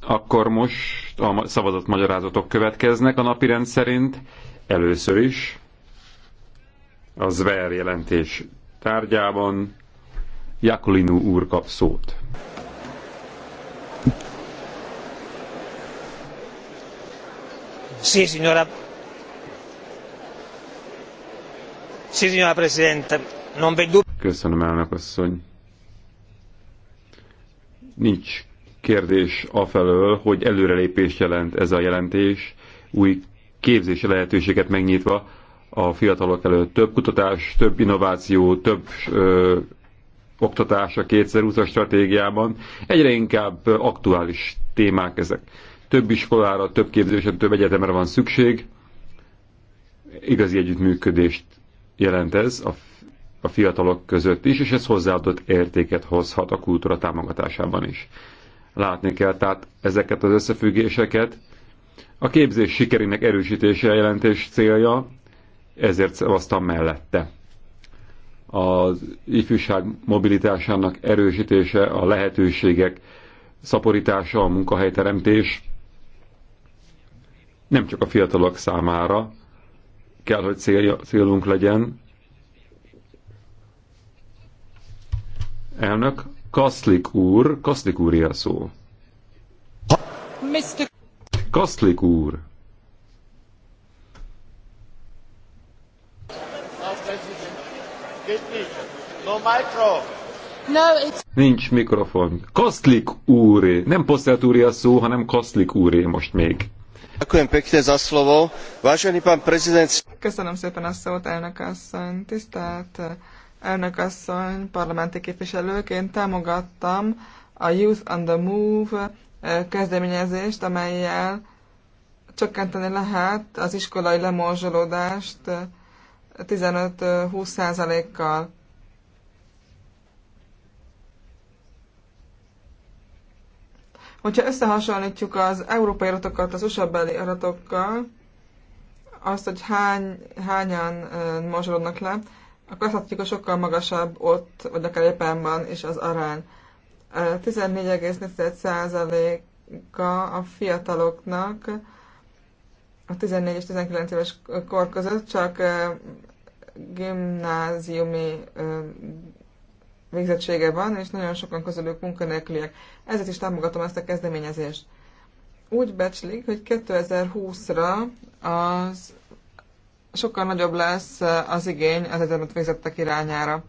Akkor most a szavazat magyarázatok következnek a napi rend szerint. Először is a Zver jelentés tárgyában Jakulinu úr kap szót. Sí, señora. Sí, señora presidente. Non vedo... Köszönöm, elnök asszony Nincs kérdés afelől, hogy előrelépést jelent ez a jelentés, új képzési lehetőséget megnyitva a fiatalok előtt. Több kutatás, több innováció, több ö, oktatás a kétszer utas stratégiában. Egyre inkább aktuális témák ezek. Több iskolára, több képzésre, több egyetemre van szükség. Igazi együttműködést jelent ez a a fiatalok között is, és ez hozzáadott értéket hozhat a kultúra támogatásában is. Látni kell tehát ezeket az összefüggéseket. A képzés sikerének erősítése a jelentés célja, ezért szavaztam mellette. Az ifjúság mobilitásának erősítése, a lehetőségek szaporítása, a munkahelyteremtés nem csak a fiatalok számára kell, hogy célja, célunk legyen, Elnök, Kaszlik úr, Kaszlik úr a szó. Mr. Kaszlik úr. Nincs mikrofon. Kaszlik úré. Nem Posztelt úré a szó, hanem Kaszlik úré most még. Köszönöm szépen a szót, elnök asszony. Tisztelt elnök asszony, parlamenti képviselőként támogattam a Youth on the Move eh, kezdeményezést, amelyel csökkenteni lehet az iskolai lemorzsolódást 15-20 eh, százalékkal. Hogyha összehasonlítjuk az európai adatokat az USA beli adatokkal, azt, hogy hány, hányan eh, morzsolódnak le, a klasszatika sokkal magasabb ott, vagy akár Japánban is az arány. 14,4%-a a fiataloknak a 14 és 19 éves kor között csak gimnáziumi végzettsége van, és nagyon sokan közülük munkanélküliek. Ezért is támogatom ezt a kezdeményezést. Úgy becslik, hogy 2020-ra az sokkal nagyobb lesz az igény az egyetemet végzettek irányára.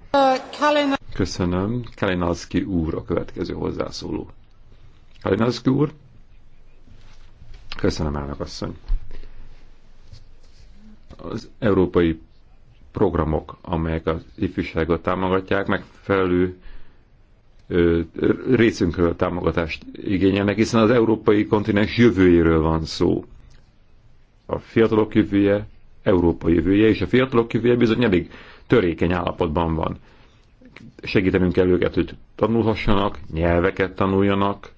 Köszönöm. Kalinowski úr a következő hozzászóló. Kalinowski úr? Köszönöm, elnök asszony. Az európai programok, amelyek az ifjúságot támogatják, megfelelő részünkről támogatást igényelnek, hiszen az európai kontinens jövőjéről van szó. A fiatalok jövője, Európa jövője, és a fiatalok jövője bizony elég törékeny állapotban van. Segítenünk kell őket, hogy tanulhassanak, nyelveket tanuljanak,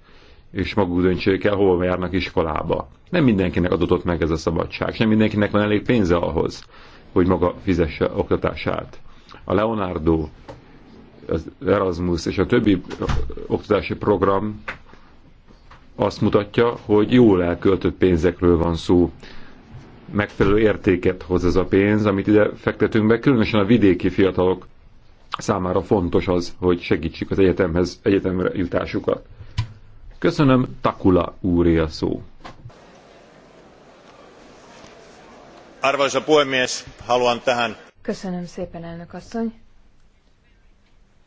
és maguk döntsék el, hova járnak iskolába. Nem mindenkinek adott meg ez a szabadság, nem mindenkinek van elég pénze ahhoz, hogy maga fizesse oktatását. A Leonardo, az Erasmus és a többi oktatási program azt mutatja, hogy jól elköltött pénzekről van szó megfelelő értéket hoz ez a pénz, amit ide fektetünk be, különösen a vidéki fiatalok számára fontos az, hogy segítsük az egyetemhez, egyetemre jutásukat. Köszönöm, Takula úré a szó. Arvoisa puhemies, haluan tähän. Köszönöm szépen, elnök asszony.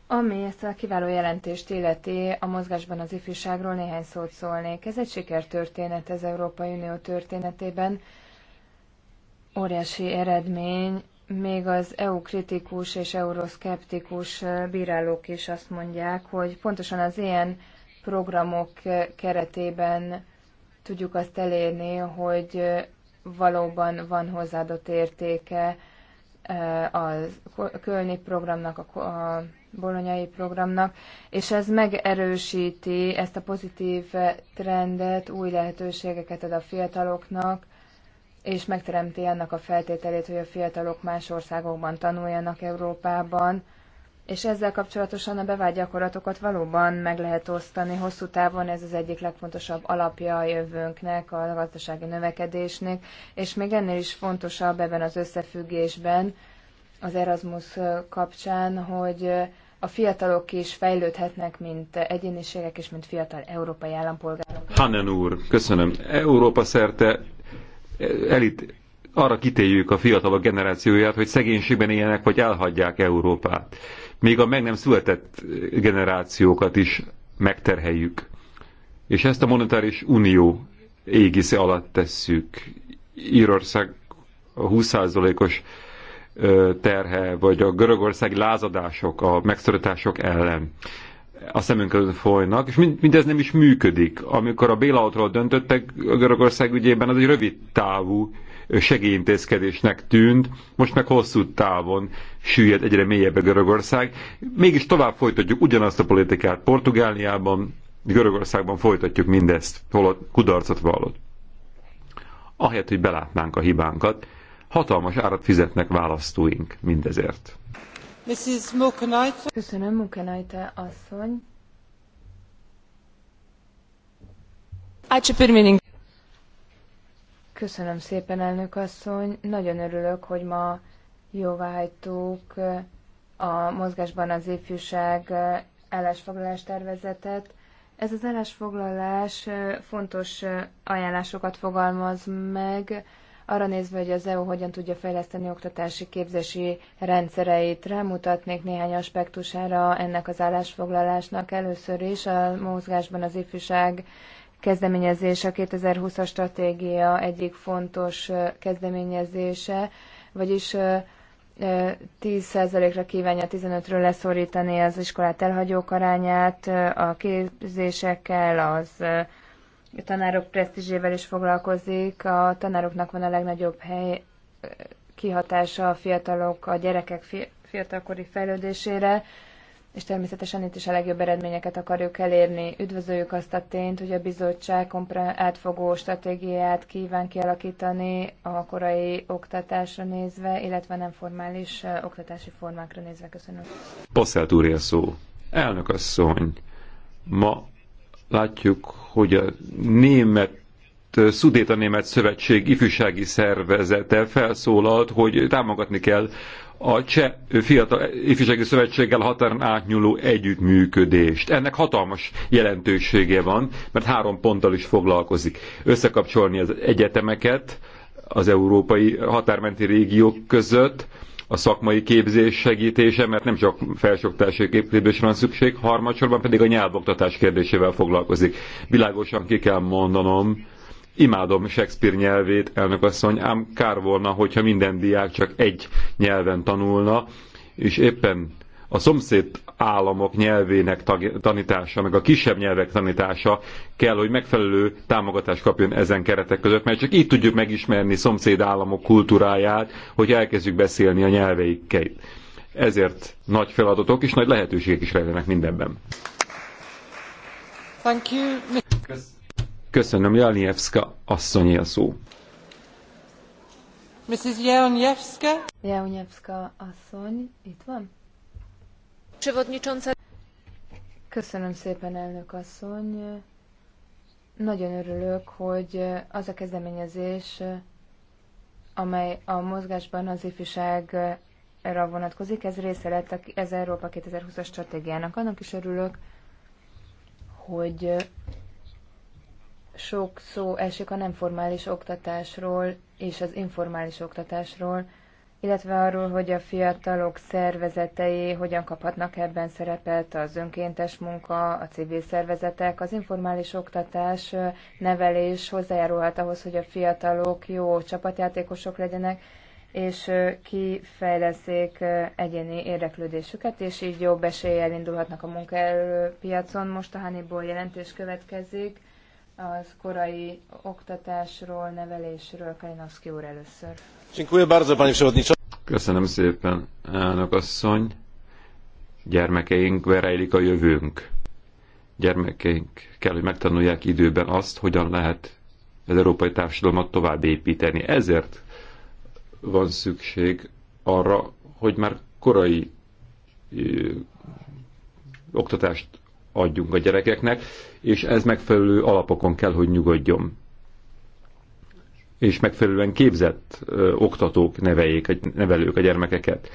Ami ezt a kiváló jelentést illeti, a mozgásban az ifjúságról néhány szót szólnék. Ez egy sikertörténet az Európai Unió történetében óriási eredmény, még az EU kritikus és euroszkeptikus bírálók is azt mondják, hogy pontosan az ilyen programok keretében tudjuk azt elérni, hogy valóban van hozzáadott értéke eh, a Kölni programnak, a bolonyai programnak, és ez megerősíti ezt a pozitív trendet, új lehetőségeket ad a fiataloknak, és megteremti annak a feltételét, hogy a fiatalok más országokban tanuljanak Európában, és ezzel kapcsolatosan a bevált gyakorlatokat valóban meg lehet osztani hosszú távon, ez az egyik legfontosabb alapja a jövőnknek, a gazdasági növekedésnek, és még ennél is fontosabb ebben az összefüggésben az Erasmus kapcsán, hogy a fiatalok is fejlődhetnek, mint egyéniségek és mint fiatal európai állampolgárok. Hanen úr, köszönöm. Európa szerte elit, arra kitéljük a fiatalok generációját, hogy szegénységben éljenek, vagy elhagyják Európát. Még a meg nem született generációkat is megterheljük. És ezt a monetáris unió égisze alatt tesszük. Írország 20%-os terhe, vagy a görögországi lázadások, a megszorítások ellen a szemünk előtt folynak, és mind, mindez nem is működik. Amikor a bailoutról döntöttek a Görögország ügyében, az egy rövid távú segélyintézkedésnek tűnt, most meg hosszú távon süllyed egyre a Görögország. Mégis tovább folytatjuk ugyanazt a politikát Portugáliában, Görögországban folytatjuk mindezt, holott kudarcot vallott. Ahelyett, hogy belátnánk a hibánkat, hatalmas árat fizetnek választóink mindezért. Mrs. Mokenajta. Köszönöm, Mokenajta asszony. Köszönöm szépen, elnök asszony. Nagyon örülök, hogy ma jóváhagytuk a mozgásban az ifjúság állásfoglalás tervezetet. Ez az állásfoglalás fontos ajánlásokat fogalmaz meg arra nézve, hogy az EU hogyan tudja fejleszteni oktatási képzési rendszereit. Rámutatnék néhány aspektusára ennek az állásfoglalásnak. Először is a mozgásban az ifjúság kezdeményezése, a 2020-as stratégia egyik fontos kezdeményezése, vagyis 10%-ra kívánja 15-ről leszorítani az iskolát elhagyók arányát, a képzésekkel, az a tanárok presztízsével is foglalkozik. A tanároknak van a legnagyobb hely kihatása a fiatalok, a gyerekek fiatalkori fejlődésére, és természetesen itt is a legjobb eredményeket akarjuk elérni. Üdvözöljük azt a tényt, hogy a bizottság átfogó stratégiát kíván kialakítani a korai oktatásra nézve, illetve nem formális oktatási formákra nézve. Köszönöm. Passzelt úr szó. Elnök asszony, ma látjuk, hogy a német a Német Szövetség ifjúsági szervezete felszólalt, hogy támogatni kell a Cseh Fiatal Ifjúsági Szövetséggel határon átnyúló együttműködést. Ennek hatalmas jelentősége van, mert három ponttal is foglalkozik. Összekapcsolni az egyetemeket az európai határmenti régiók között, a szakmai képzés segítése, mert nem csak felsőoktatási képzésre van szükség, harmadsorban pedig a nyelvoktatás kérdésével foglalkozik. Világosan ki kell mondanom, imádom Shakespeare nyelvét, asszony, ám kár volna, hogyha minden diák csak egy nyelven tanulna, és éppen a szomszéd államok nyelvének tanítása, meg a kisebb nyelvek tanítása kell, hogy megfelelő támogatást kapjon ezen keretek között, mert csak így tudjuk megismerni szomszéd államok kultúráját, hogy elkezdjük beszélni a nyelveikkel. Ezért nagy feladatok és nagy lehetőségek is rejlenek mindenben. Thank you. Köszönöm, Jelnyevszka, asszony a szó. Mrs. Jelnyevszka, Jelniewska asszony, itt van? Köszönöm szépen, elnök asszony. Nagyon örülök, hogy az a kezdeményezés, amely a mozgásban az ifjúságra vonatkozik, ez része lett az Európa 2020-as stratégiának. Annak is örülök, hogy sok szó esik a nem formális oktatásról és az informális oktatásról, illetve arról, hogy a fiatalok szervezetei hogyan kaphatnak ebben szerepet az önkéntes munka, a civil szervezetek, az informális oktatás, nevelés hozzájárulhat ahhoz, hogy a fiatalok jó csapatjátékosok legyenek, és kifejleszék egyéni érdeklődésüket, és így jobb eséllyel indulhatnak a munkaerőpiacon. Most a Hannibal jelentés következik az korai oktatásról, nevelésről, Kalinowski úr először. Köszönöm szépen, elnök asszony. Gyermekeink rejlik a jövőnk. Gyermekeink kell, hogy megtanulják időben azt, hogyan lehet az európai társadalmat tovább építeni. Ezért van szükség arra, hogy már korai ö, oktatást adjunk a gyerekeknek, és ez megfelelő alapokon kell, hogy nyugodjon és megfelelően képzett ö, oktatók neveljék, nevelők a gyermekeket.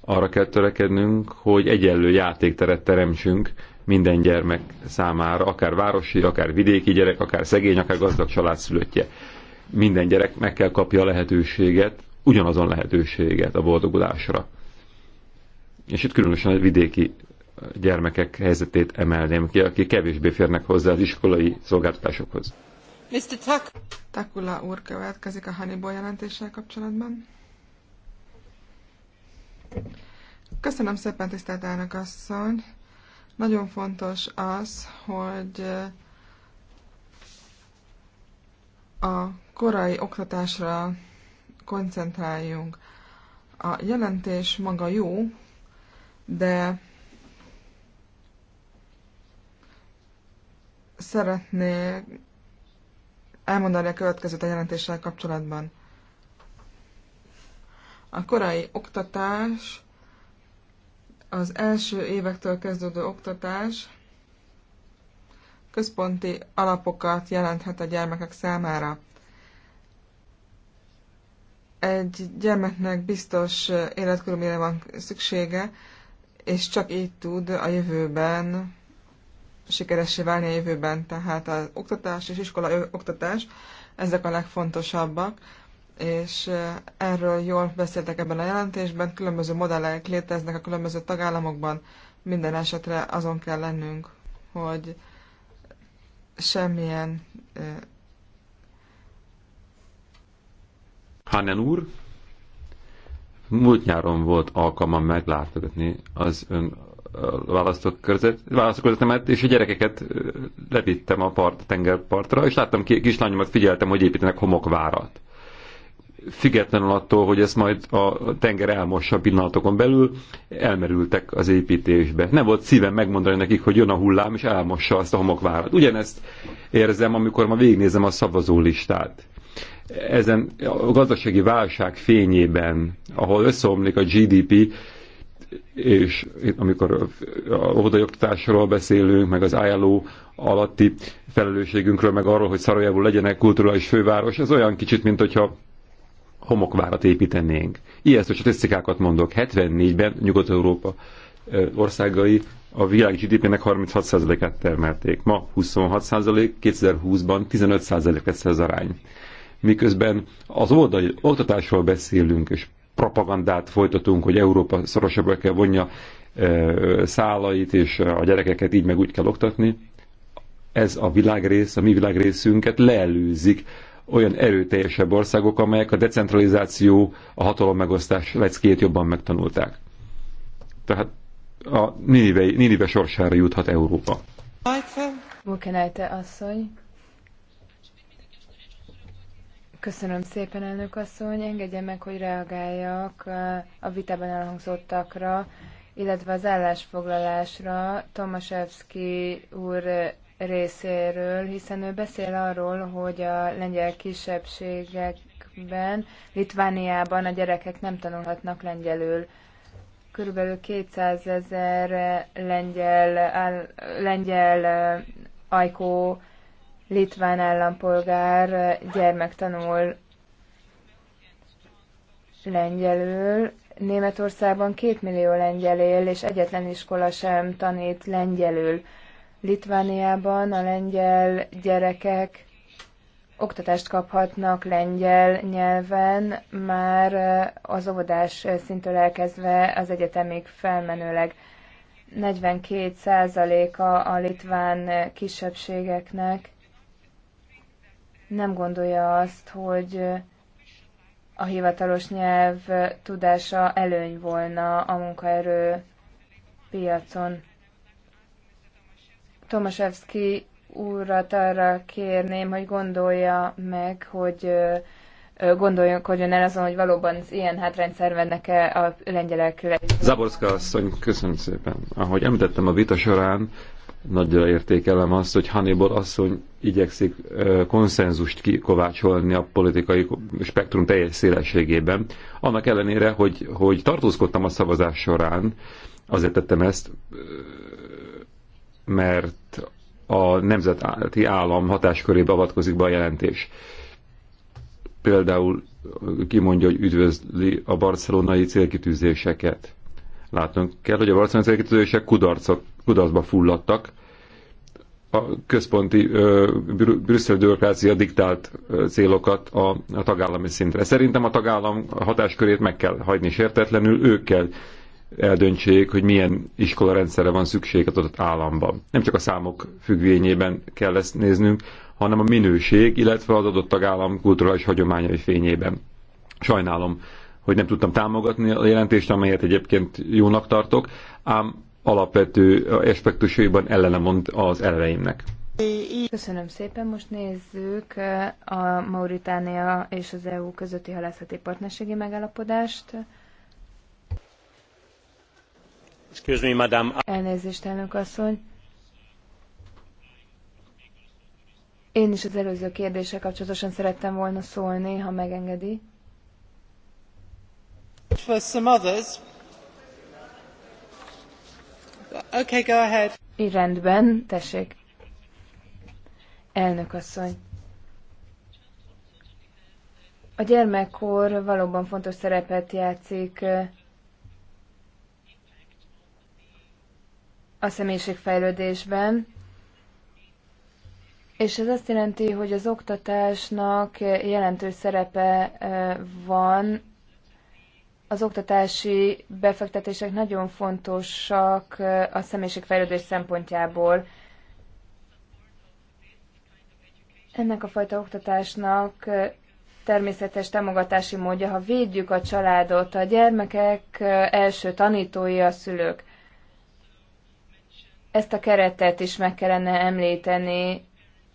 Arra kell törekednünk, hogy egyenlő játékteret teremtsünk minden gyermek számára, akár városi, akár vidéki gyerek, akár szegény, akár gazdag családszülöttje. Minden gyerek meg kell kapja a lehetőséget, ugyanazon lehetőséget a boldogulásra. És itt különösen a vidéki gyermekek helyzetét emelném ki, akik kevésbé férnek hozzá az iskolai szolgáltatásokhoz. Mr. Tak Takula úr következik a Hannibal jelentéssel kapcsolatban. Köszönöm szépen, tisztelt elnök asszony! Nagyon fontos az, hogy a korai oktatásra koncentráljunk. A jelentés maga jó, de szeretnék elmondani a következőt a jelentéssel kapcsolatban. A korai oktatás, az első évektől kezdődő oktatás központi alapokat jelenthet a gyermekek számára. Egy gyermeknek biztos életkörülményre van szüksége, és csak így tud a jövőben sikeressé válni a jövőben. Tehát az oktatás és iskola oktatás, ezek a legfontosabbak, és erről jól beszéltek ebben a jelentésben, különböző modellek léteznek a különböző tagállamokban, minden esetre azon kell lennünk, hogy semmilyen... Hanen úr, múlt nyáron volt alkalmam meglátogatni az ön választókörzet, választókörzetemet, és a gyerekeket levittem a part, tengerpartra, és láttam kislányomat, figyeltem, hogy építenek homokvárat. Függetlenül attól, hogy ezt majd a tenger elmossa pillanatokon belül, elmerültek az építésbe. Nem volt szívem megmondani nekik, hogy jön a hullám, és elmossa azt a homokvárat. Ugyanezt érzem, amikor ma végignézem a szavazólistát ezen a gazdasági válság fényében, ahol összeomlik a GDP, és amikor a óvodai oktatásról beszélünk, meg az ILO alatti felelősségünkről, meg arról, hogy Szarajevo legyenek kulturális főváros, ez olyan kicsit, mint hogyha homokvárat építenénk. Ijesztő statisztikákat mondok. 74-ben Nyugat-Európa országai a világ GDP-nek 36%-át termelték. Ma 26%, 2020-ban 15% lesz ez az arány. Miközben az oldali oktatásról beszélünk, és propagandát folytatunk, hogy Európa szorosabbra kell vonja szálait, és a gyerekeket így meg úgy kell oktatni, ez a világrész, a mi világrészünket leelőzik olyan erőteljesebb országok, amelyek a decentralizáció, a hatalommegosztás megosztás leckét jobban megtanulták. Tehát a Ninive, Ninive sorsára juthat Európa. Mukenelte asszony. Köszönöm szépen, elnök asszony. Engedje meg, hogy reagáljak a vitában elhangzottakra, illetve az állásfoglalásra Tomaszewski úr részéről, hiszen ő beszél arról, hogy a lengyel kisebbségekben, Litvániában a gyerekek nem tanulhatnak lengyelül. Körülbelül 200 ezer lengyel, lengyel ajkó litván állampolgár gyermek tanul lengyelül. Németországban két millió lengyel él, és egyetlen iskola sem tanít lengyelül. Litvániában a lengyel gyerekek oktatást kaphatnak lengyel nyelven, már az óvodás szintől elkezdve az egyetemig felmenőleg. 42%-a a litván kisebbségeknek nem gondolja azt, hogy a hivatalos nyelv tudása előny volna a munkaerő piacon. Tomaszewski úrat arra kérném, hogy gondolja meg, hogy gondoljon, el azon, hogy valóban ilyen hátrányt szervennek e a lengyelek. Zaborszka asszony, köszönöm szépen. Ahogy említettem a vita során, Nagyra értékelem azt, hogy Hannibal asszony igyekszik konszenzust kikovácsolni a politikai spektrum teljes szélességében. Annak ellenére, hogy, hogy tartózkodtam a szavazás során, azért tettem ezt, mert a nemzeti állam hatáskörébe avatkozik be a jelentés. Például kimondja, hogy üdvözli a barcelonai célkitűzéseket Látnunk kell, hogy a valószínűleg kudarcok, kudarcba fulladtak, a központi ö, brüsszel bürokrácia diktált célokat a, a tagállami szintre. Szerintem a tagállam hatáskörét meg kell hagyni sértetlenül, ők kell eldöntsék, hogy milyen iskolarendszerre van szükség az adott államban. Nem csak a számok függvényében kell ezt néznünk, hanem a minőség, illetve az adott tagállam kulturális hagyományai fényében. Sajnálom, hogy nem tudtam támogatni a jelentést, amelyet egyébként jónak tartok, ám alapvető aspektusaiban ellenemond az elveimnek. Köszönöm szépen, most nézzük eh, a Mauritánia és az EU közötti halászati partnerségi megállapodást. Excuse me, madam. Elnézést, elnök asszony. Én is az előző kérdéssel kapcsolatosan szerettem volna szólni, ha megengedi. Okay, go ahead. rendben, tessék. Elnök asszony. A gyermekkor valóban fontos szerepet játszik a személyiségfejlődésben, és ez azt jelenti, hogy az oktatásnak jelentős szerepe van az oktatási befektetések nagyon fontosak a személyiségfejlődés szempontjából. Ennek a fajta oktatásnak természetes támogatási módja, ha védjük a családot, a gyermekek első tanítói a szülők. Ezt a keretet is meg kellene említeni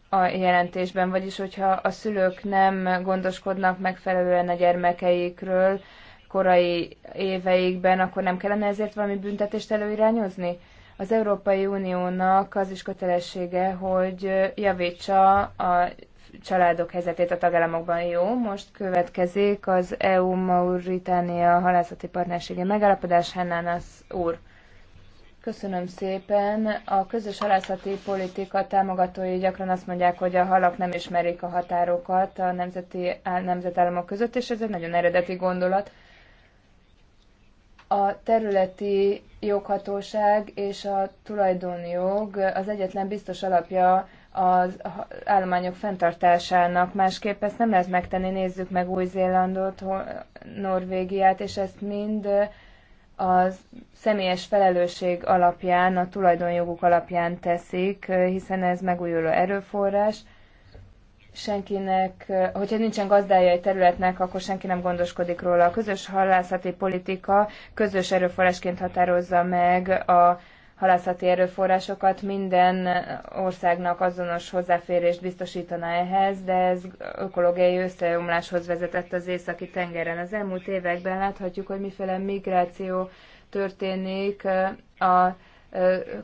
a jelentésben, vagyis hogyha a szülők nem gondoskodnak megfelelően a gyermekeikről, korai éveikben, akkor nem kellene ezért valami büntetést előirányozni? Az Európai Uniónak az is kötelessége, hogy javítsa a családok helyzetét a tagállamokban jó. Most következik az EU-Mauritánia halászati partnersége megállapodás hennán az úr. Köszönöm szépen. A közös halászati politika támogatói gyakran azt mondják, hogy a halak nem ismerik a határokat a nemzeti, nemzetállamok között, és ez egy nagyon eredeti gondolat. A területi joghatóság és a tulajdoni jog az egyetlen biztos alapja az állományok fenntartásának. Másképp ezt nem lehet megtenni. Nézzük meg Új-Zélandot, Norvégiát, és ezt mind a személyes felelősség alapján, a tulajdonjoguk alapján teszik, hiszen ez megújuló erőforrás – senkinek, hogyha nincsen gazdája egy területnek, akkor senki nem gondoskodik róla. A közös halászati politika közös erőforrásként határozza meg a halászati erőforrásokat, minden országnak azonos hozzáférést biztosítana ehhez, de ez ökológiai összeomláshoz vezetett az északi tengeren. Az elmúlt években láthatjuk, hogy miféle migráció történik a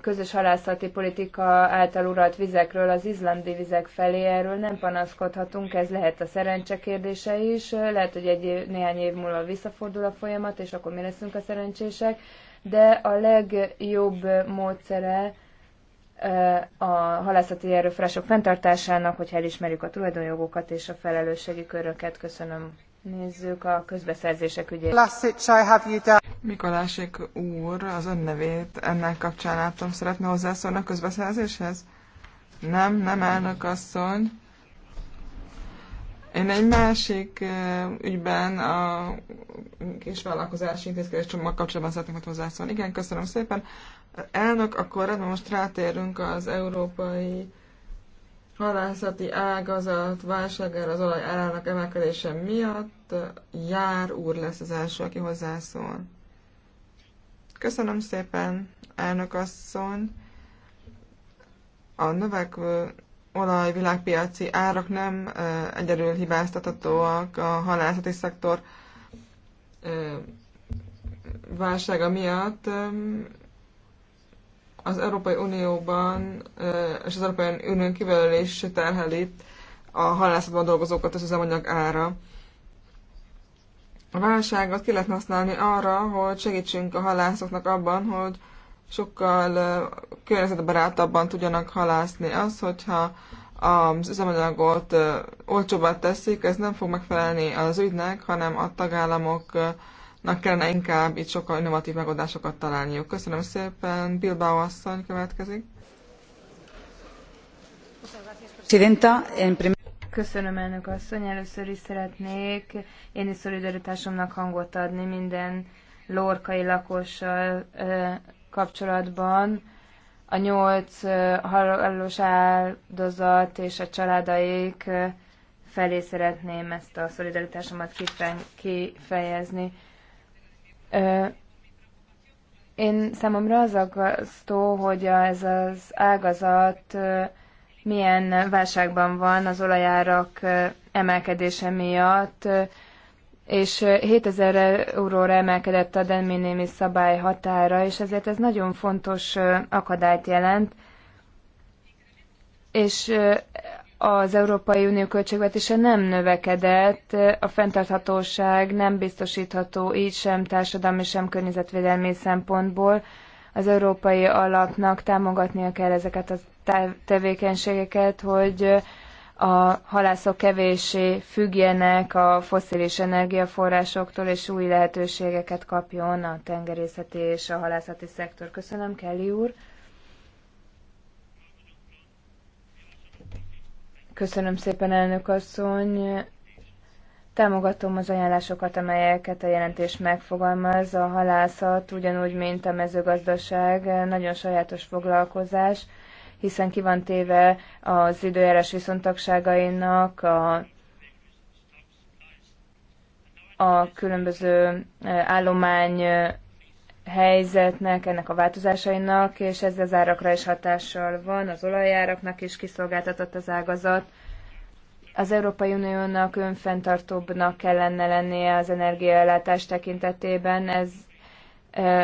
közös halászati politika által uralt vizekről az izlandi vizek felé, erről nem panaszkodhatunk, ez lehet a szerencse kérdése is, lehet, hogy egy néhány év múlva visszafordul a folyamat, és akkor mi leszünk a szerencsések, de a legjobb módszere a halászati erőforrások fenntartásának, hogyha elismerjük a tulajdonjogokat és a felelősségi köröket. Köszönöm. Nézzük a közbeszerzések ügyét. Mikolásik úr az ön nevét ennek kapcsán láttam. Szeretne hozzászólni a közbeszerzéshez? Nem, nem elnök asszony. Én egy másik eh, ügyben a vállalkozási intézkedés csomag kapcsolatban szeretném hozzászólni. Igen, köszönöm szépen. Elnök, akkor rendben hát most rátérünk az európai halászati ágazat válságára az olaj árának emelkedése miatt. Jár úr lesz az első, aki hozzászól. Köszönöm szépen, elnök asszony. A növekvő olajvilágpiaci árak nem egyedül hibáztathatóak a halászati szektor válsága miatt. Az Európai Unióban és az Európai Unión kívül is terheli a halászatban dolgozókat az üzemanyag ára. A válságot ki lehet használni arra, hogy segítsünk a halászoknak abban, hogy sokkal környezetbarátabban tudjanak halászni. Az, hogyha az üzemanyagot olcsóbbá teszik, ez nem fog megfelelni az ügynek, hanem a tagállamoknak kellene inkább itt sokkal innovatív megoldásokat találniuk. Köszönöm szépen, Bilbao asszony következik. Presidenta, en primer Köszönöm, elnök asszony. Először is szeretnék én is szolidaritásomnak hangot adni minden lorkai lakossal kapcsolatban. A nyolc hallós áldozat és a családaik felé szeretném ezt a szolidaritásomat kifejezni. Én számomra az aggasztó, hogy ez az ágazat milyen válságban van az olajárak emelkedése miatt, és 7000 euróra emelkedett a de minimis szabály határa, és ezért ez nagyon fontos akadályt jelent, és az Európai Unió költségvetése nem növekedett, a fenntarthatóság nem biztosítható így sem társadalmi, sem környezetvédelmi szempontból. Az európai alapnak támogatnia kell ezeket az tevékenységeket, hogy a halászok kevéssé függjenek a foszilis energiaforrásoktól, és új lehetőségeket kapjon a tengerészeti és a halászati szektor. Köszönöm, Kelly úr! Köszönöm szépen, elnök asszony! Támogatom az ajánlásokat, amelyeket a jelentés megfogalmaz. A halászat ugyanúgy, mint a mezőgazdaság, nagyon sajátos foglalkozás – hiszen ki van téve az időjárás viszontagságainak, a a különböző e, állomány e, helyzetnek, ennek a változásainak, és ez az árakra is hatással van, az olajáraknak is kiszolgáltatott az ágazat. Az Európai Uniónak önfenntartóbbnak kellene lennie az energiaellátás tekintetében, ez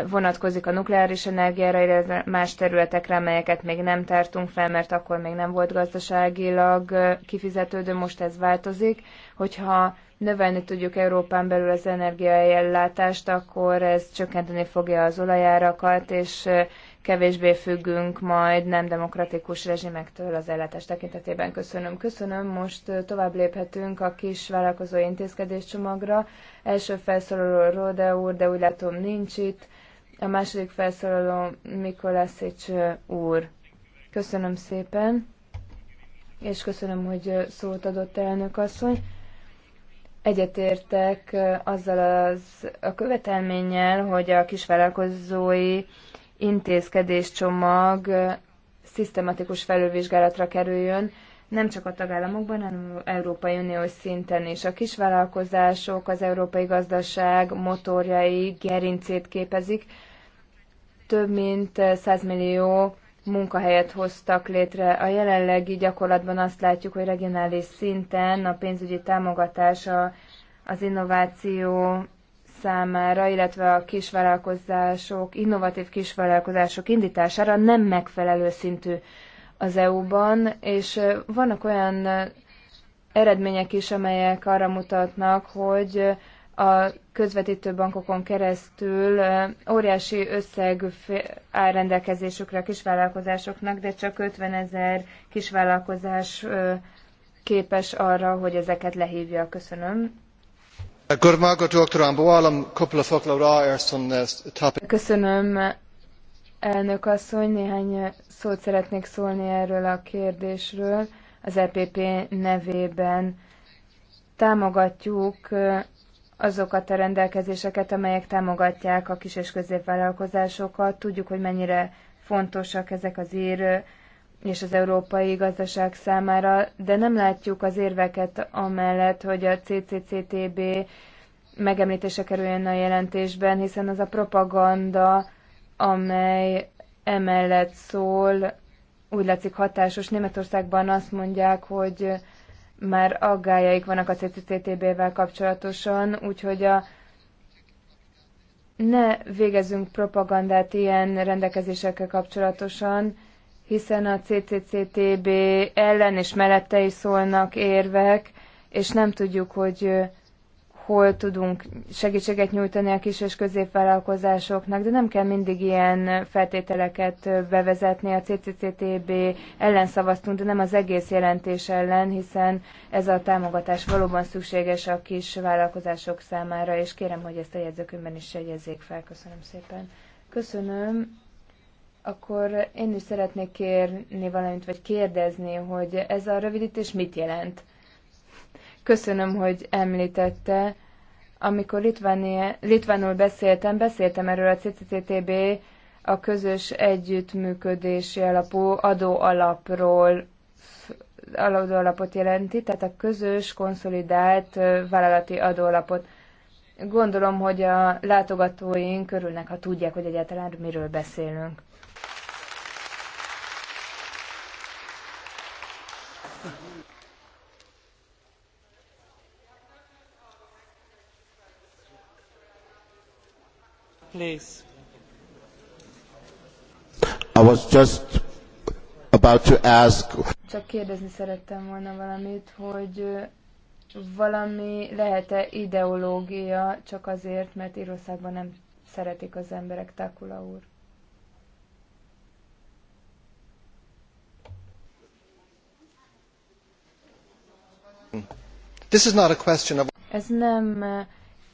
vonatkozik a nukleáris energiára, illetve más területekre, amelyeket még nem tártunk fel, mert akkor még nem volt gazdaságilag kifizetődő, most ez változik. Hogyha növelni tudjuk Európán belül az energiaellátást, akkor ez csökkenteni fogja az olajárakat, és kevésbé függünk majd nem demokratikus rezsimektől az ellátás tekintetében. Köszönöm. Köszönöm. Most tovább léphetünk a kis vállalkozó intézkedés csomagra. Első felszólaló Róde úr, de úgy látom nincs itt. A második felszólaló Mikolászics úr. Köszönöm szépen, és köszönöm, hogy szót adott elnök asszony egyetértek azzal az, a követelménnyel, hogy a kisvállalkozói intézkedéscsomag szisztematikus felülvizsgálatra kerüljön, nem csak a tagállamokban, hanem Európai Uniós szinten is. A kisvállalkozások az európai gazdaság motorjai, gerincét képezik. Több mint 100 millió munkahelyet hoztak létre. A jelenlegi gyakorlatban azt látjuk, hogy regionális szinten a pénzügyi támogatása az innováció számára, illetve a kisvállalkozások, innovatív kisvállalkozások indítására nem megfelelő szintű az EU-ban, és vannak olyan eredmények is, amelyek arra mutatnak, hogy a közvetítő bankokon keresztül óriási összeg áll rendelkezésükre a kisvállalkozásoknak, de csak 50 ezer kisvállalkozás képes arra, hogy ezeket lehívja. Köszönöm. Um, Köszönöm, elnök asszony. Néhány szót szeretnék szólni erről a kérdésről. Az EPP nevében támogatjuk azokat a rendelkezéseket, amelyek támogatják a kis és középvállalkozásokat. Tudjuk, hogy mennyire fontosak ezek az ír és az európai gazdaság számára, de nem látjuk az érveket amellett, hogy a CCCTB megemlítése kerüljön a jelentésben, hiszen az a propaganda, amely emellett szól, úgy látszik hatásos. Németországban azt mondják, hogy már aggájaik vannak a CCCTB-vel kapcsolatosan, úgyhogy a ne végezzünk propagandát ilyen rendelkezésekkel kapcsolatosan, hiszen a CCCTB ellen és mellette is szólnak érvek, és nem tudjuk, hogy hol tudunk segítséget nyújtani a kis és középvállalkozásoknak, de nem kell mindig ilyen feltételeket bevezetni. A CCCTB ellen szavaztunk, de nem az egész jelentés ellen, hiszen ez a támogatás valóban szükséges a kis vállalkozások számára, és kérem, hogy ezt a jegyzőkönyvben is jegyezzék fel. Köszönöm szépen. Köszönöm akkor én is szeretnék kérni valamit, vagy kérdezni, hogy ez a rövidítés mit jelent? Köszönöm, hogy említette. Amikor Litvánia, litvánul beszéltem, beszéltem erről a CCTB a közös együttműködési alapú alapról, adóalapot jelenti, tehát a közös konszolidált vállalati adóalapot. Gondolom, hogy a látogatóink körülnek, ha tudják, hogy egyáltalán miről beszélünk. please. I was just about to ask. Csak kérdezni szerettem volna valamit, hogy valami lehet-e ideológia csak azért, mert Írországban nem szeretik az emberek, Takula úr. This is not a question of... Ez nem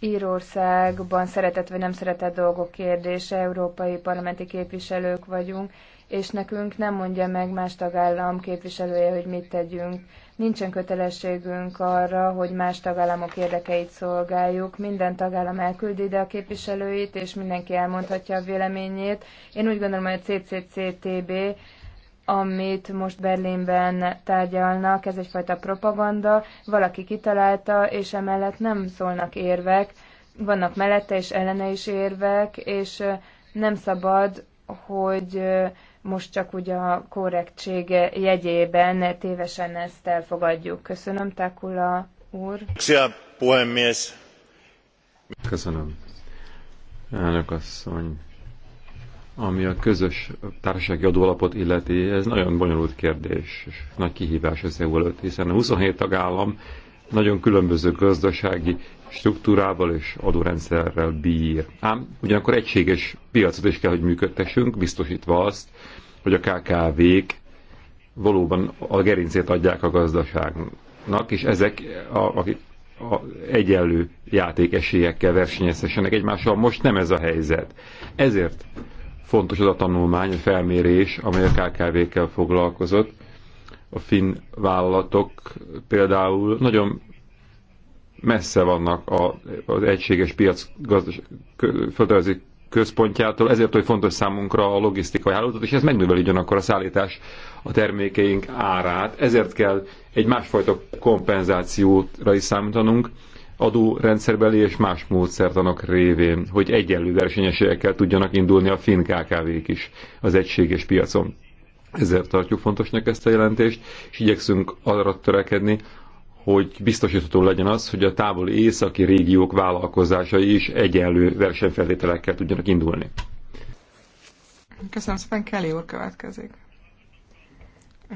Írországban szeretett vagy nem szeretett dolgok kérdése, európai parlamenti képviselők vagyunk, és nekünk nem mondja meg más tagállam képviselője, hogy mit tegyünk. Nincsen kötelességünk arra, hogy más tagállamok érdekeit szolgáljuk. Minden tagállam elküldi ide a képviselőit, és mindenki elmondhatja a véleményét. Én úgy gondolom, hogy a CCCTB amit most Berlinben tárgyalnak, ez egyfajta propaganda, valaki kitalálta, és emellett nem szólnak érvek, vannak mellette és ellene is érvek, és nem szabad, hogy most csak ugye a korrektség jegyében tévesen ezt elfogadjuk. Köszönöm, Takula úr. Köszönöm. Elnök asszony, ami a közös társasági adóalapot illeti, ez nagyon bonyolult kérdés, és nagy kihívás az EU előtt, hiszen a 27 tagállam nagyon különböző gazdasági struktúrával és adórendszerrel bír. Ám ugyanakkor egységes piacot is kell, hogy működtessünk, biztosítva azt, hogy a KKV-k valóban a gerincét adják a gazdaságnak, és ezek, a, a, a egyenlő játékesélyekkel versenyezhessenek egymással. Most nem ez a helyzet. Ezért Fontos az a tanulmány, a felmérés, amely a KKV-kkel foglalkozott. A finn vállalatok például nagyon messze vannak az egységes piac gazdas, földrajzi központjától, ezért, hogy fontos számunkra a logisztikai hálózat, és ez megnöveli ugyanakkor a szállítás a termékeink árát, ezért kell egy másfajta kompenzációra is számítanunk, adórendszerbeli és más módszertanok révén, hogy egyenlő versenyesekkel tudjanak indulni a finn KKV-k is az egységes piacon. Ezért tartjuk fontosnak ezt a jelentést, és igyekszünk arra törekedni, hogy biztosítható legyen az, hogy a távoli északi régiók vállalkozásai is egyenlő versenyfeltételekkel tudjanak indulni. Köszönöm szépen, Kelly úr következik.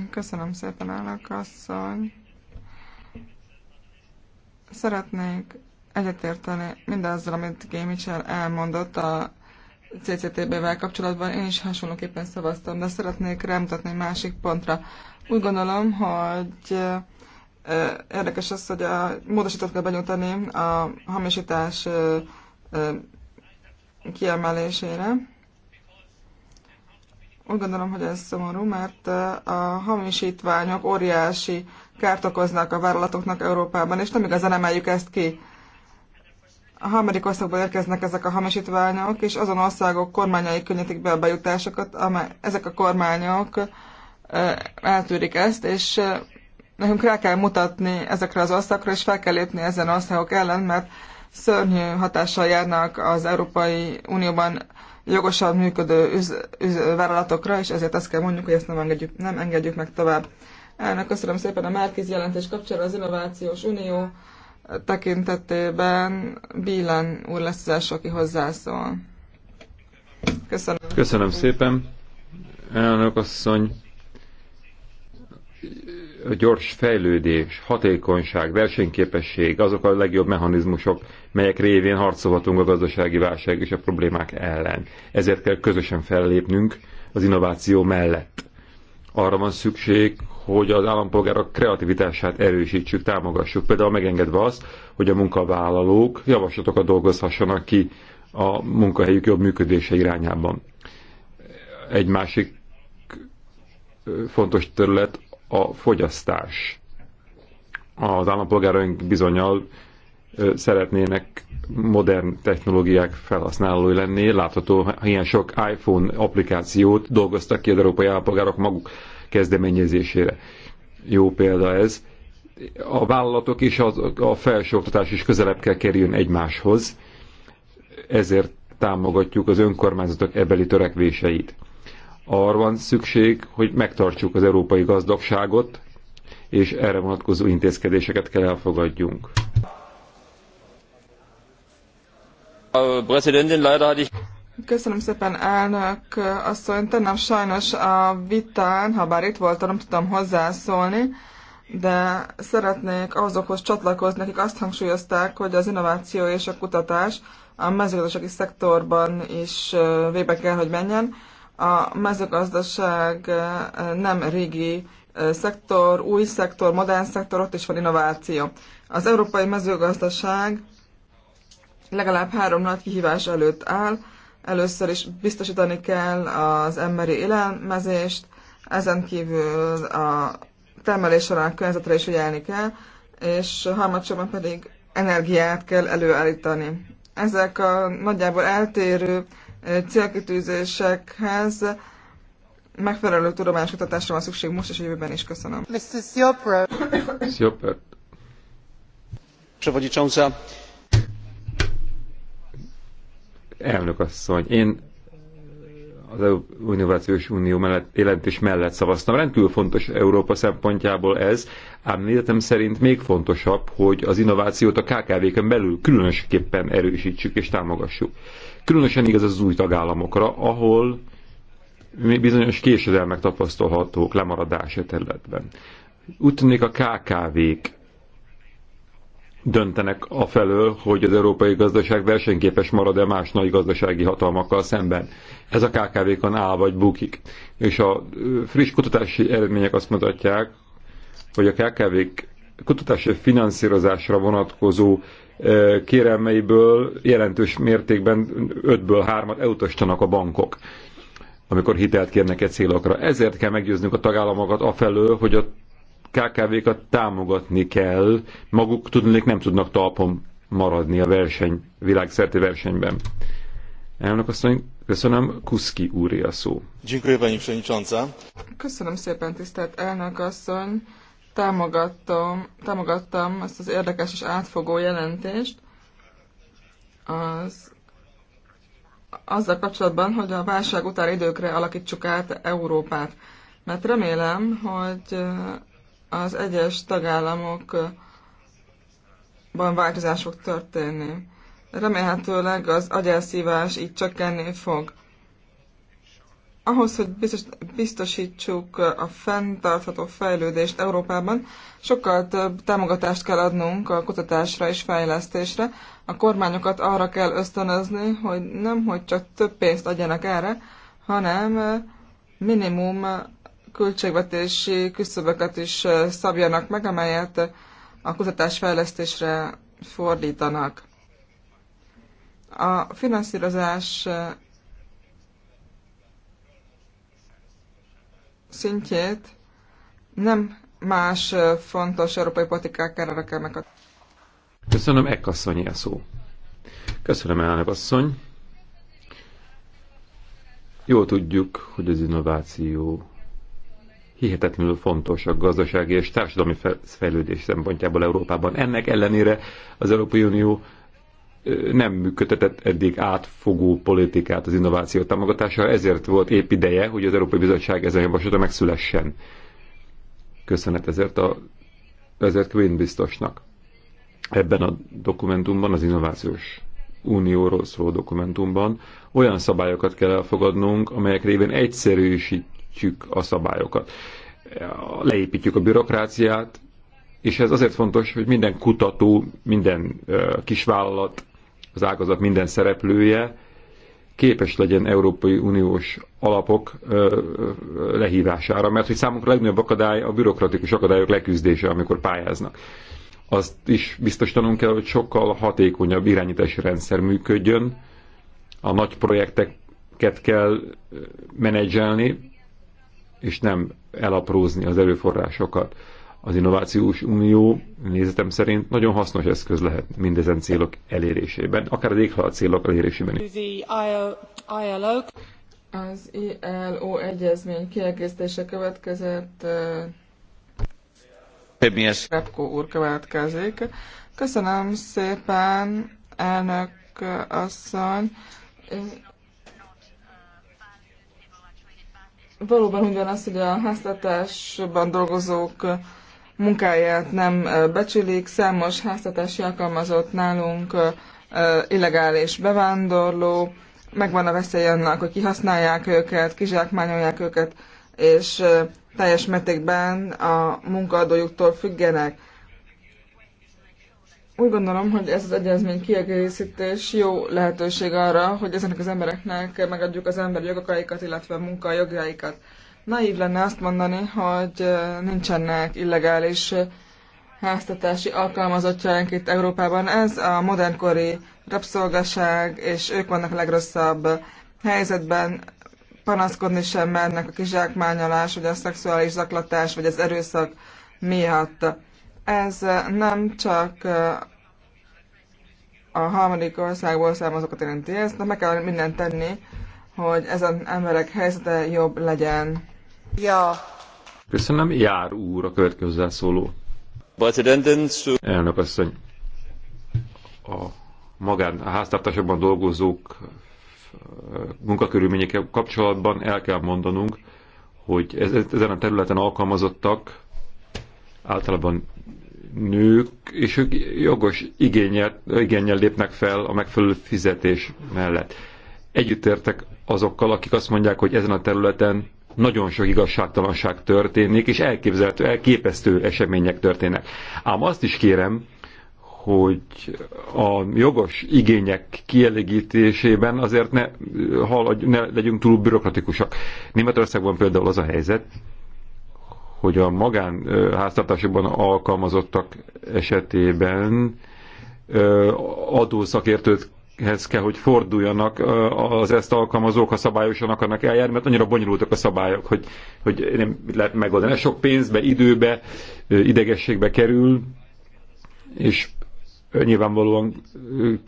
Köszönöm szépen, Állak asszony. Szeretnék egyetérteni mindazzal, amit Gay Mitchell elmondott a CCTB-vel kapcsolatban. Én is hasonlóképpen szavaztam, de szeretnék rámutatni egy másik pontra. Úgy gondolom, hogy érdekes az, hogy a módosított kell benyújtani a hamisítás kiemelésére úgy gondolom, hogy ez szomorú, mert a hamisítványok óriási kárt okoznak a vállalatoknak Európában, és nem igazán emeljük ezt ki. A harmadik országból érkeznek ezek a hamisítványok, és azon országok kormányai könnyítik be a bejutásokat, amely ezek a kormányok eltűrik ezt, és nekünk rá kell mutatni ezekre az országokra, és fel kell lépni ezen országok ellen, mert szörnyű hatással járnak az Európai Unióban jogosan működő üz, üz, vállalatokra, és ezért azt kell mondjuk, hogy ezt nem engedjük, nem engedjük meg tovább. Elnök, köszönöm szépen a Márkiz jelentés kapcsolatban az Innovációs Unió tekintetében Bílen úr lesz az első, aki hozzászól. Köszönöm. Köszönöm szépen. Elnök asszony, gyors fejlődés, hatékonyság, versenyképesség, azok a legjobb mechanizmusok, melyek révén harcolhatunk a gazdasági válság és a problémák ellen. Ezért kell közösen fellépnünk az innováció mellett. Arra van szükség, hogy az állampolgárok kreativitását erősítsük, támogassuk. Például megengedve az, hogy a munkavállalók javaslatokat dolgozhassanak ki a munkahelyük jobb működése irányában. Egy másik fontos terület a fogyasztás. Az állampolgáraink bizonyal szeretnének modern technológiák felhasználói lenni. Látható, ilyen sok iPhone applikációt dolgoztak ki az európai állampolgárok maguk kezdeményezésére. Jó példa ez. A vállalatok és a felsőoktatás is közelebb kell kerüljön egymáshoz, ezért támogatjuk az önkormányzatok ebeli törekvéseit arra van szükség, hogy megtartsuk az európai gazdagságot, és erre vonatkozó intézkedéseket kell elfogadjunk. Köszönöm szépen, elnök asszony. Tennem sajnos a vitán, ha bár itt voltam, nem tudtam hozzászólni, de szeretnék azokhoz csatlakozni, akik azt hangsúlyozták, hogy az innováció és a kutatás a mezőgazdasági szektorban is vébe kell, hogy menjen a mezőgazdaság nem régi szektor, új szektor, modern szektor, ott is van innováció. Az európai mezőgazdaság legalább három nagy kihívás előtt áll. Először is biztosítani kell az emberi élelmezést, ezen kívül a termelés során a környezetre is figyelni kell, és harmadsorban pedig energiát kell előállítani. Ezek a nagyjából eltérő célkitűzésekhez megfelelő tudományoskutatásra van szükség most és a jövőben is. Köszönöm. Mrs. Elnök asszony, én az Innovációs Unió mellett, jelentés mellett szavaztam. Rendkívül fontos Európa szempontjából ez, ám nézetem szerint még fontosabb, hogy az innovációt a kkv ken belül különösképpen erősítsük és támogassuk. Különösen igaz az új tagállamokra, ahol bizonyos késedelmek tapasztalhatók lemaradás területben. Úgy tűnik a KKV-k döntenek a felől, hogy az európai gazdaság versenyképes marad-e más nagy gazdasági hatalmakkal szemben. Ez a KKV-kon áll vagy bukik. És a friss kutatási eredmények azt mutatják, hogy a KKV-k kutatási finanszírozásra vonatkozó kérelmeiből jelentős mértékben 5-ből 3-at elutasítanak a bankok amikor hitelt kérnek egy célokra. Ezért kell meggyőznünk a tagállamokat afelől, hogy a KKV-kat támogatni kell, maguk tudnék nem tudnak talpon maradni a verseny, világszerte versenyben. Elnök asszony, köszönöm, Kuszki úr a szó. Köszönöm szépen, tisztelt elnök asszony. Támogattam, támogattam ezt az érdekes és átfogó jelentést az, azzal kapcsolatban, hogy a válság után időkre alakítsuk át Európát. Mert remélem, hogy az egyes tagállamokban változás fog történni. Remélhetőleg az agyelszívás így csökkenni fog. Ahhoz, hogy biztos, biztosítsuk a fenntartható fejlődést Európában, sokkal több támogatást kell adnunk a kutatásra és fejlesztésre. A kormányokat arra kell ösztönözni, hogy nem, hogy csak több pénzt adjanak erre, hanem minimum költségvetési küszöböket is szabjanak meg, amelyet a kutatásfejlesztésre fordítanak. A finanszírozás szintjét nem más fontos európai politikák erre kell meg. Köszönöm, Ekkasszonyi a szó. Köszönöm, elnök asszony. Jól tudjuk, hogy az innováció hihetetlenül fontos a gazdasági és társadalmi fejlődés szempontjából Európában. Ennek ellenére az Európai Unió nem működtetett eddig átfogó politikát az innováció támogatására, ezért volt épp ideje, hogy az Európai Bizottság ezen javaslata megszülessen. Köszönet ezért a ezért Quinn biztosnak. Ebben a dokumentumban, az innovációs unióról szóló dokumentumban olyan szabályokat kell elfogadnunk, amelyek révén egyszerűsít leépítjük a szabályokat, leépítjük a bürokráciát, és ez azért fontos, hogy minden kutató, minden kisvállalat, az ágazat minden szereplője képes legyen Európai Uniós alapok lehívására, mert hogy számunkra a legnagyobb akadály a bürokratikus akadályok leküzdése, amikor pályáznak. Azt is biztosítanunk kell, hogy sokkal hatékonyabb irányítási rendszer működjön, a nagy projekteket kell menedzselni, és nem elaprózni az erőforrásokat. Az Innovációs Unió nézetem szerint nagyon hasznos eszköz lehet mindezen célok elérésében, akár az éghajlat célok elérésében is. Az ILO egyezmény kiegészítése következett Pémies. Repko úr következik. Köszönöm szépen, elnök asszony. valóban úgy van az, hogy a háztartásban dolgozók munkáját nem becsülik. Számos háztartási alkalmazott nálunk illegális bevándorló, megvan a veszély annak, hogy kihasználják őket, kizsákmányolják őket, és teljes mértékben a munkaadójuktól függenek. Úgy gondolom, hogy ez az egyezmény kiegészítés jó lehetőség arra, hogy ezeknek az embereknek megadjuk az emberi jogaikat, illetve munka jogjaikat. Naív lenne azt mondani, hogy nincsenek illegális háztatási alkalmazottjaink itt Európában. Ez a modernkori rabszolgaság, és ők vannak a legrosszabb helyzetben. Panaszkodni sem mernek a kizsákmányolás, vagy a szexuális zaklatás, vagy az erőszak miatt ez nem csak eh, a harmadik országból származókat érinti ezt, de meg kell mindent tenni, hogy ezen emberek helyzete jobb legyen. Ja. Köszönöm, jár úr a következő szóló. Elnök asszony, a magán a háztartásokban dolgozók eh, munkakörülményekkel kapcsolatban el kell mondanunk, hogy ezen a területen alkalmazottak általában nők, és ők jogos igényel, igényel lépnek fel a megfelelő fizetés mellett. Együttértek azokkal, akik azt mondják, hogy ezen a területen nagyon sok igazságtalanság történik, és elképzelhető, elképesztő események történnek. Ám azt is kérem, hogy a jogos igények kielégítésében azért ne, haladj, ne legyünk túl bürokratikusak. Németországban például az a helyzet, hogy a magánháztartásokban alkalmazottak esetében adószakértőkhez kell, hogy forduljanak az ezt alkalmazók, ha szabályosan akarnak eljárni, mert annyira bonyolultak a szabályok, hogy, hogy nem lehet megoldani. Sok pénzbe, időbe, idegességbe kerül, és nyilvánvalóan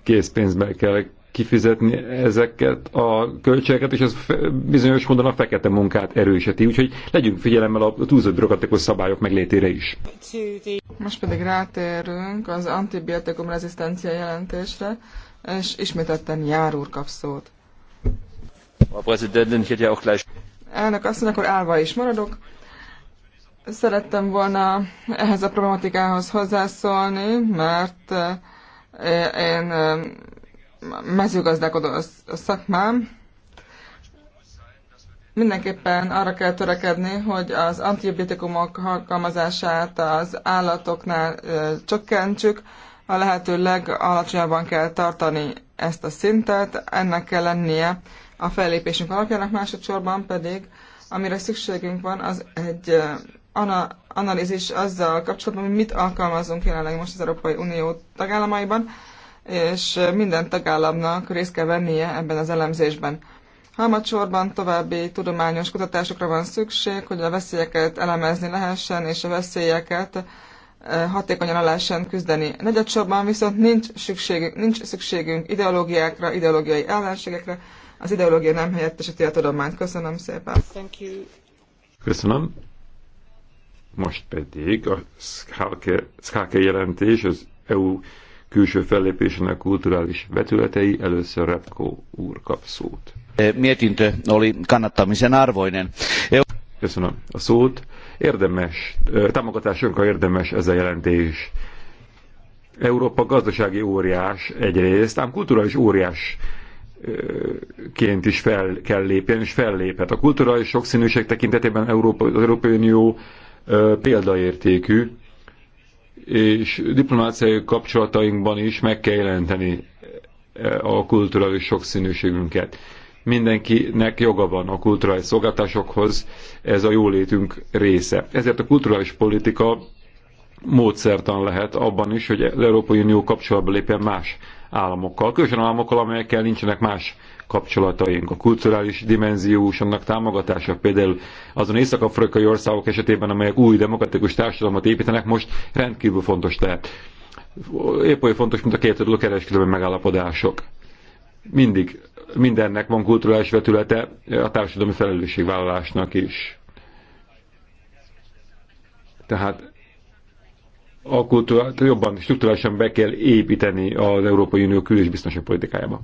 készpénzbe kell kifizetni ezeket a költségeket, és ez bizonyos módon a fekete munkát erősíti. Úgyhogy legyünk figyelemmel a túlzott bürokratikus szabályok meglétére is. Most pedig rátérünk az antibiotikum rezisztencia jelentésre, és ismételten jár úr kap szót. A azt mondja, akkor állva is maradok. Szerettem volna ehhez a problematikához hozzászólni, mert eh, én eh, mezőgazdálkodó szakmám. Mindenképpen arra kell törekedni, hogy az antibiotikumok alkalmazását az állatoknál csökkentsük, a lehető legalacsonyabban kell tartani ezt a szintet, ennek kell lennie a fellépésünk alapjának, másodszorban pedig, amire szükségünk van, az egy ana- analízis azzal kapcsolatban, hogy mit alkalmazunk jelenleg most az Európai Unió tagállamaiban, és minden tagállamnak részt kell vennie ebben az elemzésben. Harmadsorban további tudományos kutatásokra van szükség, hogy a veszélyeket elemezni lehessen, és a veszélyeket eh, hatékonyan lehessen küzdeni. Negyedsorban viszont nincs szükségünk, nincs szükségünk ideológiákra, ideológiai ellenségekre. Az ideológia nem helyettesíti a tudományt. Köszönöm szépen. Thank you. Köszönöm. Most pedig a Skáke, Skáke jelentés az EU külső fellépésének kulturális vetületei, először Repko úr kap szót. Eh, Mietintő oli kannattamisen arvoinen. Köszönöm a szót. Érdemes, eh, támogatásunkra érdemes ez a jelentés. Európa gazdasági óriás egyrészt, ám kulturális óriás eh, ként is fel kell lépjen, és felléphet. A kulturális sokszínűség tekintetében Európa, az Európai Unió példaértékű, és diplomáciai kapcsolatainkban is meg kell jelenteni e, a kulturális sokszínűségünket. Mindenkinek joga van a kulturális szolgáltásokhoz, ez a jólétünk része. Ezért a kulturális politika módszertan lehet abban is, hogy az Európai Unió kapcsolatba lépjen más államokkal, különösen államokkal, amelyekkel nincsenek más kapcsolataink, a kulturális dimenzió annak támogatása, például azon észak-afrikai országok esetében, amelyek új demokratikus társadalmat építenek, most rendkívül fontos tehát. Épp olyan fontos, mint a két adó kereskedelmi megállapodások. Mindig, mindennek van kulturális vetülete a társadalmi felelősségvállalásnak is. Tehát a kultúrát jobban, strukturálisan be kell építeni az Európai Unió külső és politikájába.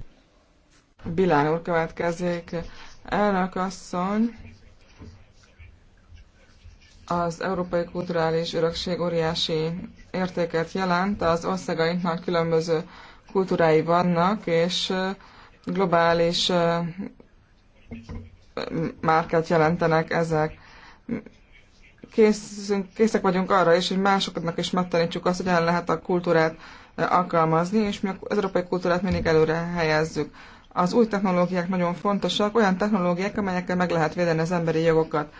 Bilán úr következik. Elnök asszony, az Európai Kulturális Örökség óriási értéket jelent, az országainknak különböző kultúrái vannak, és globális márkát jelentenek ezek. Kész, készek vagyunk arra is, hogy másoknak is megtanítsuk azt, hogy el lehet a kultúrát alkalmazni, és mi az európai kultúrát mindig előre helyezzük. Az új technológiák nagyon fontosak, olyan technológiák, amelyekkel meg lehet védeni az emberi jogokat.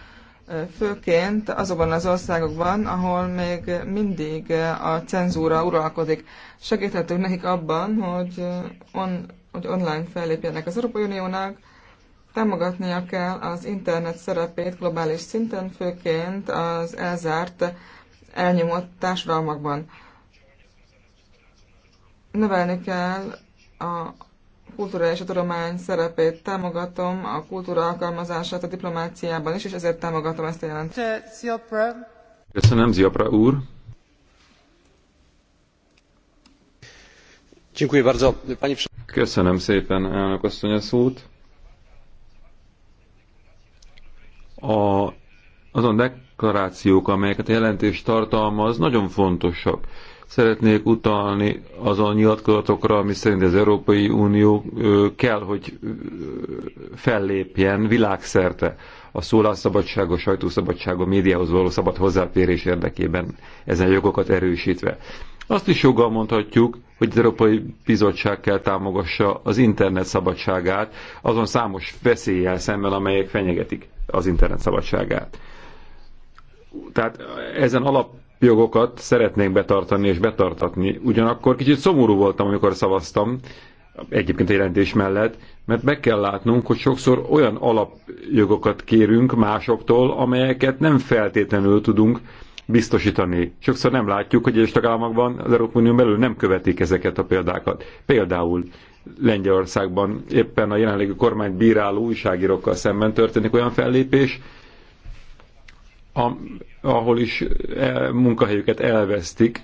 Főként azokban az országokban, ahol még mindig a cenzúra uralkodik. Segíthetünk nekik abban, hogy, on, hogy online fellépjenek az Európai Uniónak, támogatnia kell az internet szerepét globális szinten, főként az elzárt, elnyomott társadalmakban. Növelni kell a kultúra és a tudomány szerepét támogatom, a kultúra alkalmazását a diplomáciában is, és ezért támogatom ezt a jelentést. Köszönöm, Ziopra úr. Köszönöm szépen, elnök asszony a szót. A, azon deklarációk, amelyeket a jelentés tartalmaz, nagyon fontosak Szeretnék utalni azon nyilatkozatokra, ami szerint az Európai Unió kell, hogy fellépjen világszerte a szólásszabadság, a sajtószabadság, a médiához való szabad hozzáférés érdekében ezen jogokat erősítve. Azt is joggal mondhatjuk, hogy az Európai Bizottság kell támogassa az internet szabadságát, azon számos veszéllyel szemben, amelyek fenyegetik az internet szabadságát. Tehát ezen alap jogokat szeretnénk betartani és betartatni. Ugyanakkor kicsit szomorú voltam, amikor szavaztam, egyébként a jelentés mellett, mert be kell látnunk, hogy sokszor olyan alapjogokat kérünk másoktól, amelyeket nem feltétlenül tudunk biztosítani. Sokszor nem látjuk, hogy egyes tagállamokban az Európai Unió belül nem követik ezeket a példákat. Például Lengyelországban éppen a jelenlegi kormány bíráló újságírókkal szemben történik olyan fellépés, ahol is eh, munkahelyüket elvesztik,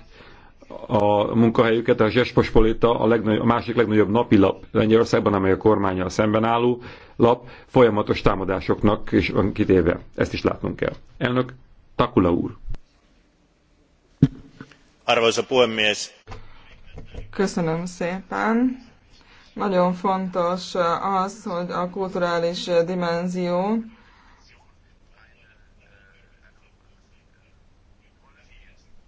a munkahelyüket, a Zsespospolita, a, a másik legnagyobb napi lap, Lengyelországban, amely a kormányjal szemben álló lap, folyamatos támadásoknak és van kitéve. Ezt is látnunk kell. Elnök Takula úr. Arvoisa puhemies. Köszönöm szépen. Nagyon fontos az, hogy a kulturális dimenzió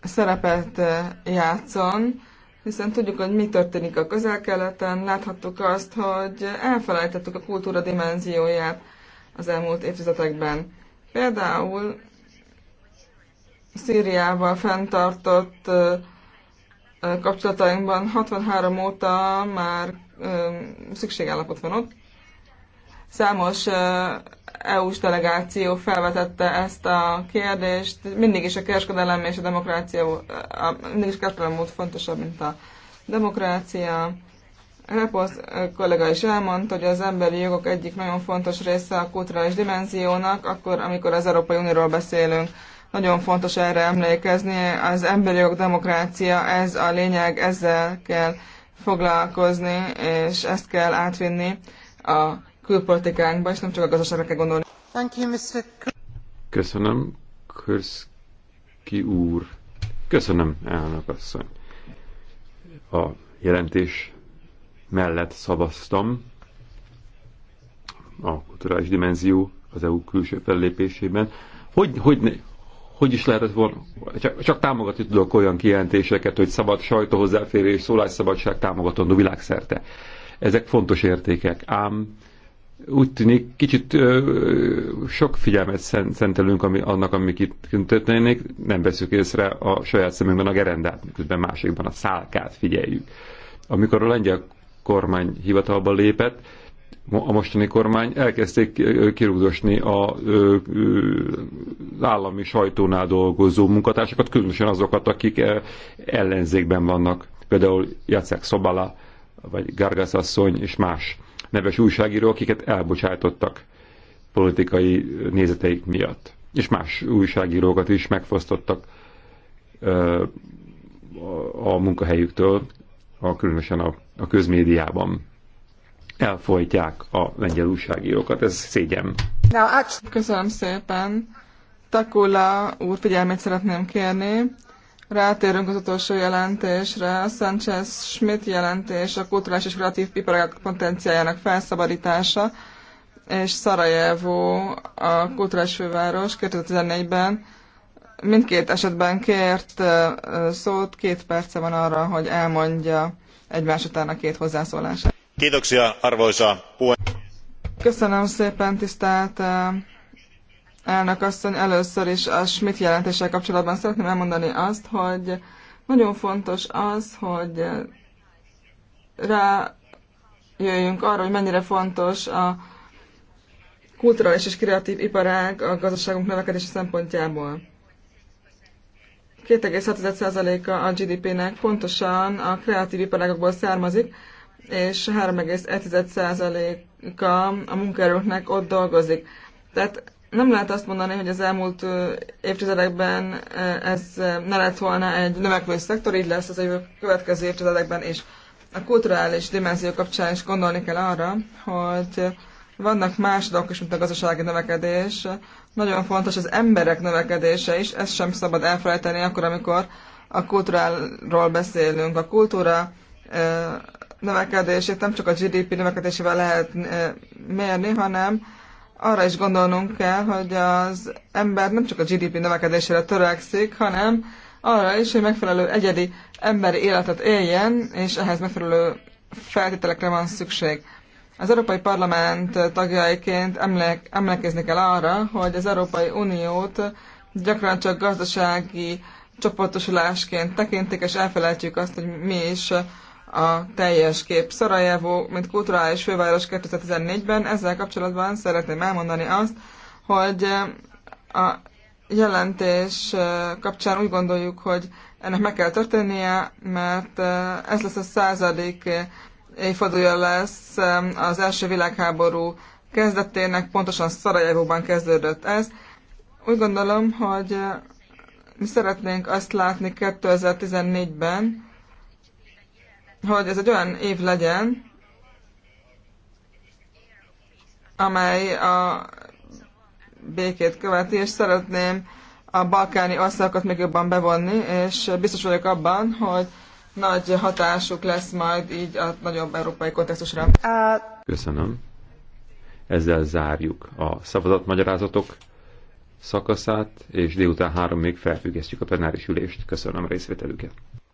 szerepet eh, játszon, hiszen tudjuk, hogy mi történik a közel-keleten, láthattuk azt, hogy elfelejtettük a kultúra dimenzióját az elmúlt évtizedekben. Például Szíriával fenntartott eh, kapcsolatainkban 63 óta már eh, szükségállapot van ott, Számos EU-s delegáció felvetette ezt a kérdést. Mindig is a kereskedelem és a demokrácia, a, mindig is a kereskedelem volt fontosabb, mint a demokrácia. Repos kollega is elmondta, hogy az emberi jogok egyik nagyon fontos része a kulturális dimenziónak, akkor, amikor az Európai Unióról beszélünk. Nagyon fontos erre emlékezni. Az emberi jogok demokrácia, ez a lényeg, ezzel kell foglalkozni, és ezt kell átvinni a külpolitikánkban, és nem csak a gazdaságra kell gondolni. Thank you, Mr. Köszönöm, Körszki úr. Köszönöm, elnök asszony. A jelentés mellett szavaztam a kulturális dimenzió az EU külső fellépésében. Hogy, hogy, ne, hogy is lehetett volna, csak, csak támogatni tudok olyan kijelentéseket, hogy szabad sajtóhozzáférés, szólásszabadság támogatandó világszerte. Ezek fontos értékek, ám úgy tűnik, kicsit ö, sok figyelmet szentelünk ami, annak, amik itt történik, nem veszük észre a saját szemünkben a gerendát, miközben másikban a szálkát figyeljük. Amikor a lengyel kormány hivatalba lépett, a mostani kormány elkezdték kirúgdosni a, ö, ö, az állami sajtónál dolgozó munkatársakat, különösen azokat, akik ellenzékben vannak, például Jacek Szobala, vagy Gargasz asszony és más neves újságíró, akiket elbocsátottak politikai nézeteik miatt. És más újságírókat is megfosztottak a munkahelyüktől, a, különösen a, a közmédiában. Elfolytják a lengyel újságírókat, ez szégyen. Köszönöm szépen. Takula úr figyelmét szeretném kérni. Rátérünk az utolsó jelentésre, a Sanchez Schmidt jelentés, a kulturális és kreatív iparágak potenciájának felszabadítása, és Szarajevó, a kulturális főváros 2014-ben mindkét esetben kért szót, két perce van arra, hogy elmondja egymás után a két hozzászólását. Kiitoksia, arvoisa puhemies. Köszönöm szépen, tisztelt elnök asszony, először is a Schmidt jelentéssel kapcsolatban szeretném elmondani azt, hogy nagyon fontos az, hogy rájöjjünk arra, hogy mennyire fontos a kulturális és kreatív iparág a gazdaságunk növekedési szempontjából. 2,6%-a a, a GDP-nek pontosan a kreatív iparágokból származik, és 3,1%-a a munkaerőknek ott dolgozik. Tehát nem lehet azt mondani, hogy az elmúlt évtizedekben ez ne lett volna egy növekvő szektor, így lesz az a következő évtizedekben is. A kulturális dimenzió kapcsán is gondolni kell arra, hogy vannak más dolgok is, mint a gazdasági növekedés. Nagyon fontos az emberek növekedése is, ezt sem szabad elfelejteni akkor, amikor a kulturálról beszélünk. A kultúra növekedését nem csak a GDP növekedésével lehet mérni, hanem arra is gondolnunk kell, hogy az ember nem csak a GDP növekedésére törekszik, hanem arra is, hogy megfelelő egyedi emberi életet éljen, és ehhez megfelelő feltételekre van szükség. Az Európai Parlament tagjaiként emlék, emlékezni kell arra, hogy az Európai Uniót gyakran csak gazdasági csoportosulásként tekintik, és elfelejtjük azt, hogy mi is a teljes kép. Szarajevó, mint kulturális főváros 2014-ben, ezzel kapcsolatban szeretném elmondani azt, hogy eh, a jelentés eh, kapcsán úgy gondoljuk, hogy ennek meg kell történnie, mert eh, ez lesz a századik évfordulja lesz az első világháború kezdetének, pontosan Szarajevóban kezdődött ez. Úgy gondolom, hogy mi szeretnénk azt látni 2014-ben, hogy ez egy olyan év legyen, amely a békét követi, és szeretném a balkáni országokat még jobban bevonni, és biztos vagyok abban, hogy nagy hatásuk lesz majd így a nagyobb európai kontextusra. Köszönöm. Ezzel zárjuk a szavazatmagyarázatok szakaszát, és délután három még felfüggesztjük a plenáris ülést. Köszönöm részvételüket.